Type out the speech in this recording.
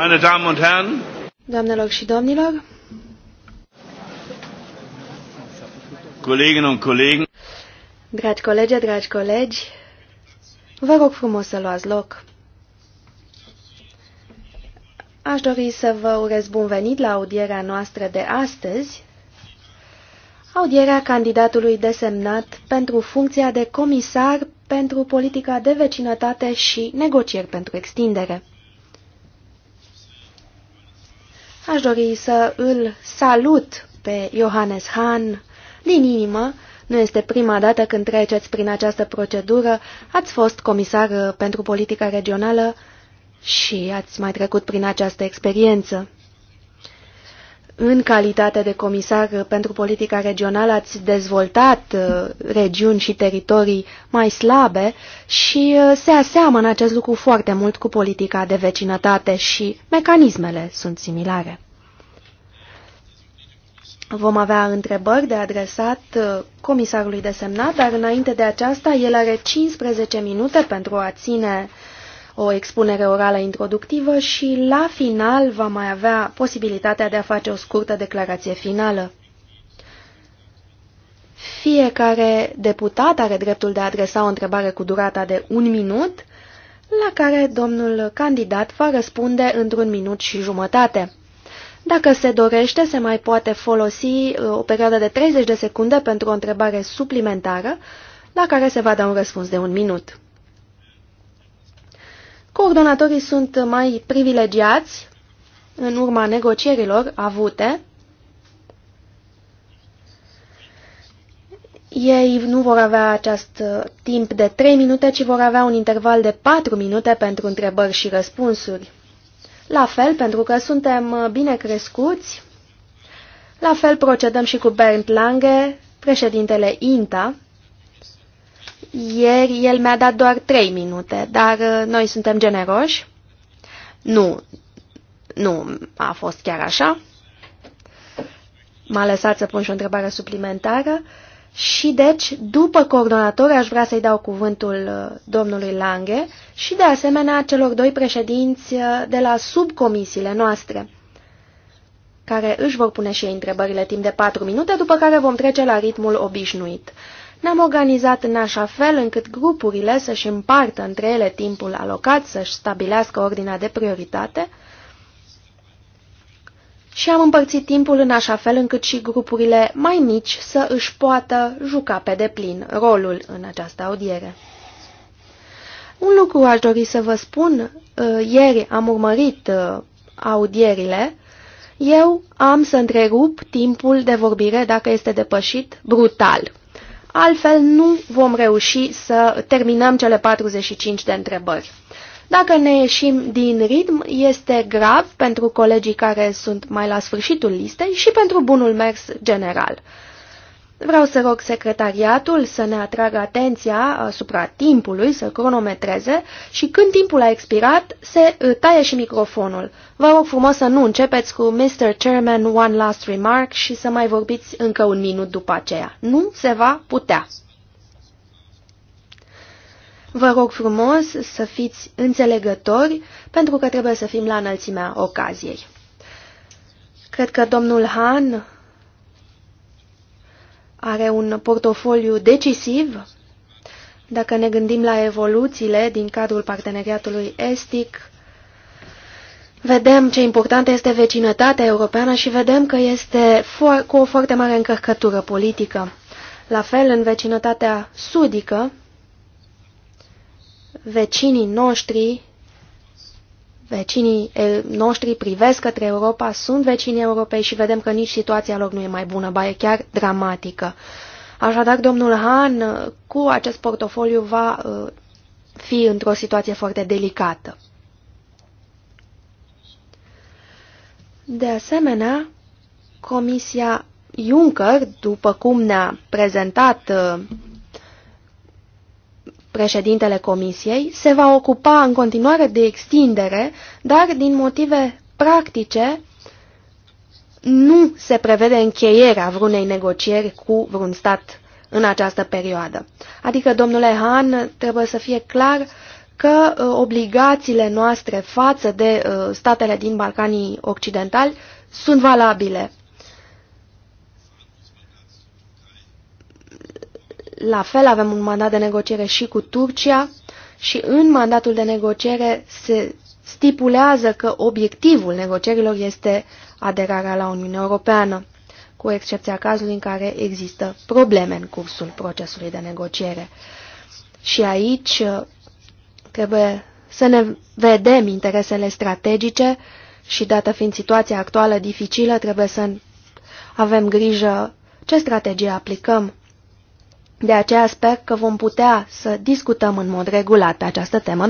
Meine Damen und Herren, Doamnelor și domnilor, Kolleginnen und Kollegen, dragi colegi, dragi colegi, vă rog frumos să luați loc. Aș dori să vă urez bun venit la audierea noastră de astăzi, audierea candidatului desemnat pentru funcția de comisar pentru politica de vecinătate și negocieri pentru extindere. Aș dori să îl salut pe Johannes Hahn din inimă. Nu este prima dată când treceți prin această procedură. Ați fost comisar pentru politica regională și ați mai trecut prin această experiență. În calitate de comisar pentru politica regională ați dezvoltat uh, regiuni și teritorii mai slabe și uh, se aseamănă acest lucru foarte mult cu politica de vecinătate și mecanismele sunt similare. Vom avea întrebări de adresat uh, comisarului desemnat, dar înainte de aceasta el are 15 minute pentru a ține o expunere orală introductivă și la final va mai avea posibilitatea de a face o scurtă declarație finală. Fiecare deputat are dreptul de a adresa o întrebare cu durata de un minut, la care domnul candidat va răspunde într-un minut și jumătate. Dacă se dorește, se mai poate folosi uh, o perioadă de 30 de secunde pentru o întrebare suplimentară, la care se va da un răspuns de un minut. Coordonatorii sunt mai privilegiați în urma negocierilor avute. Ei nu vor avea acest timp de 3 minute, ci vor avea un interval de 4 minute pentru întrebări și răspunsuri. La fel, pentru că suntem bine crescuți, la fel procedăm și cu Bernd Lange, președintele INTA, ieri el mi-a dat doar trei minute, dar uh, noi suntem generoși. Nu, nu a fost chiar așa. M-a lăsat să pun și o întrebare suplimentară. Și deci, după coordonator, aș vrea să-i dau cuvântul uh, domnului Lange și de asemenea celor doi președinți uh, de la subcomisiile noastre, care își vor pune și ei întrebările timp de patru minute, după care vom trece la ritmul obișnuit. Ne-am organizat în așa fel încât grupurile să-și împartă între ele timpul alocat, să-și stabilească ordinea de prioritate și am împărțit timpul în așa fel încât și grupurile mai mici să își poată juca pe deplin rolul în această audiere. Un lucru aș dori să vă spun, uh, ieri am urmărit uh, audierile, eu am să întrerup timpul de vorbire dacă este depășit brutal altfel nu vom reuși să terminăm cele 45 de întrebări. Dacă ne ieșim din ritm, este grav pentru colegii care sunt mai la sfârșitul listei și pentru bunul mers general. Vreau să rog secretariatul să ne atragă atenția asupra timpului, să cronometreze și când timpul a expirat, se uh, taie și microfonul. Vă rog frumos să nu începeți cu Mr. Chairman One Last Remark și să mai vorbiți încă un minut după aceea. Nu se va putea. Vă rog frumos să fiți înțelegători, pentru că trebuie să fim la înălțimea ocaziei. Cred că domnul Han are un portofoliu decisiv dacă ne gândim la evoluțiile din cadrul parteneriatului estic, vedem ce importantă este vecinătatea europeană și vedem că este cu o foarte mare încărcătură politică. La fel, în vecinătatea sudică, vecinii noștri Vecinii noștri privesc către Europa, sunt vecinii europei și vedem că nici situația lor nu e mai bună, ba e chiar dramatică. Așadar, domnul Han, cu acest portofoliu va fi într-o situație foarte delicată. De asemenea, Comisia Juncker, după cum ne-a prezentat președintele Comisiei se va ocupa în continuare de extindere, dar din motive practice nu se prevede încheierea vreunei negocieri cu vreun stat în această perioadă. Adică, domnule Han, trebuie să fie clar că ă, obligațiile noastre față de ă, statele din Balcanii Occidentali sunt valabile. La fel avem un mandat de negociere și cu Turcia și în mandatul de negociere se stipulează că obiectivul negocierilor este aderarea la Uniunea Europeană, cu excepția cazului în care există probleme în cursul procesului de negociere. Și aici uh, trebuie să ne vedem interesele strategice și, dată fiind situația actuală dificilă, trebuie să avem grijă ce strategie aplicăm. De aceea sper că vom putea să discutăm în mod regulat pe această temă.